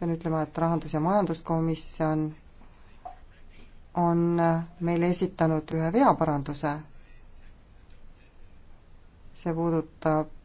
pean ütlema, et rahandus- ja majanduskomisjon on meile esitanud ühe veaparanduse. see puudutab